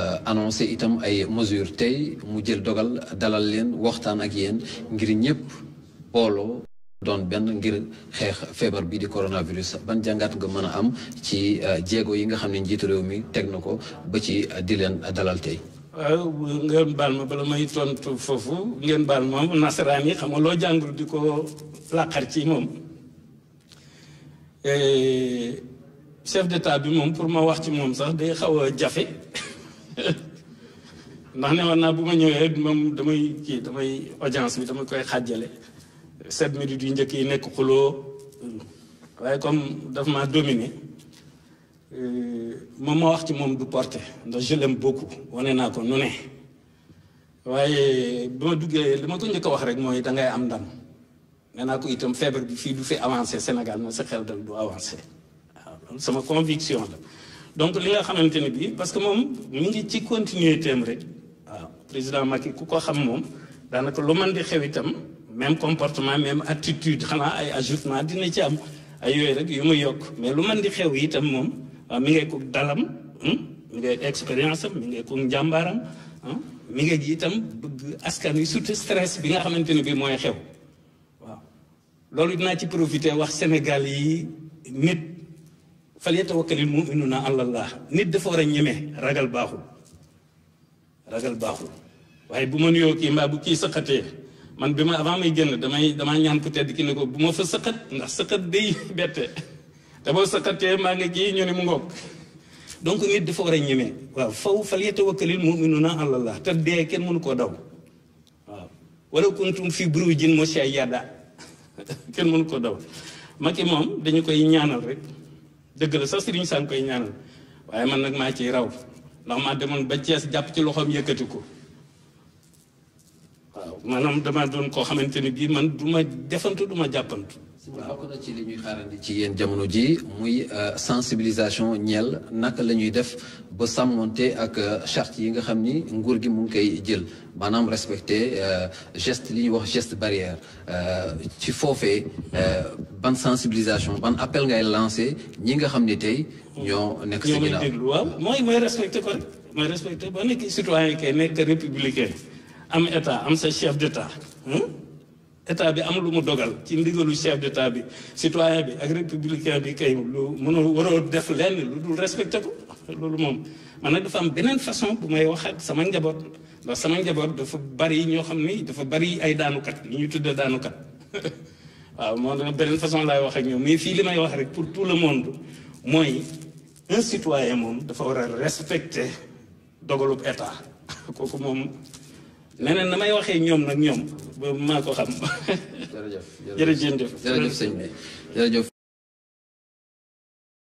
Euh, annoncé itam ay mesures tey mu jël dogal dalal leen waxtaan ak yéen ngir ñëpp booloo doon benn ngir xeex feebar bi di coronavirus ban jàngat nga mën a am ci euh, jéego yi nga xam ne njiitu réew mi teg na ko ba ci euh, di leen dalal tey. ngeen baal ma bala may tontu foofu ngeen baal ma nasaraan yi xam nga loo jàngul di ko làqar ci moom. Eh, chef d'état bi moom pour ma wax ci moom sax day xaw a jafe. ndax ne war naa bu ma ñëwee moom damay kii damay audience bi dama koy xàjjale sept minutes yu njëkk yi nekk xuloo waaye comme daf maa dominé euh, moom ma wax ci moom du porté ndax je l'aime beaucoup wane naa ko nu ne waaye bi ma duggee li ma ko njëkk wax rek mooy da ngay am ndam nee naa ko itam feebar bi fii du fi avancé Sénégal na sa xel dal du avancé waaw sama conviction la donc li nga xamante ne bii parce que moom mi ngi ci continuité am rek waaw ah. président Macky ku ko xam moom daanaka lu man di xew itam même comportement même attitude xanaa ay ajustement dina ci am ay yooyu rek yu mu yokk mais lu man di xew itam moom ah, mi ngay ko dalam hmm? mi ngay expérience am mi ngay ko njàmbaaram ah? mi nga ji itam bëgg askan wi surtout stress bi nga xamante ni bii mooy xew waaw loolu dinaa ci profiter wax Sénégal yi nit fal yatawakkalil mu'minuuna ala Allah nit dafa war a ñeme ragal baaxul ragal baaxul waaye bu ma nuyoo kii mbaa bu kii sëqatee man bi ma avant may génn damay damaa ñaan ku tedd ki ne ko bu ma fa sëqat ndax sëqat day bette te boo sëqatee maa nga kii ñu ne mu ngoog donc nit dafa war a ñeme waaw faw fal yatawakkalil mu'minuuna ala Allah te kenn mënu koo daw waaw wala kuntum fi burujin mushayyada kenn mënu koo daw maki moom dañu koy ñaanal rek dëgg la sax sëriñ saa ngi koy ñaanal waaye man nag maa ciy raw ndax maa demoon ba Cees jàpp ci loxoom yëkkati ko waaw maanaam dama doon koo xamante ni bii man duma ma defantu du ma jàppantu bokk na ci li ñuy xaarandi ci yéen jamono ji muy euh, sensibilisation ñeel naka la ñuy def ba sàmmonte ak euh, charte yi nga xam ni nguur gi mu ngi koy jël maanaam respecté euh, geste li ñuy wax geste barrière ci foofee ban sensibilisation ban appel ngay lancé ñi nga xam ni tey ñoo nekk si ginnaaw déglu waaw mooy mooy respecte ko rek mooy respecté ba nekk citoyen kay nekk républicain am état am sa chef d'état état bi am lu mu dogal ci ndigalu chef d' état bi citoyen bi ak républicain bi kay lu mënoo waroo def lenn lu dul respecté ko loolu moom man nag dafa am beneen façon bu may wax ak sama njaboot sama njaboot dafa bari ñoo xam ni dafa bari ay daanukat li ñu tuddee daanukat waaw moo tax beneen façon laay wax ak ñoom mais fii li may wax rek pour tout le monde mooy un citoyen moom dafa war a respecté dogalub état kooku moom leneen na may waxee ñoom nag ñoom boobu maa ko xam. jërëjëf jërëjëf jërëjëf sëñ bi jërëjëf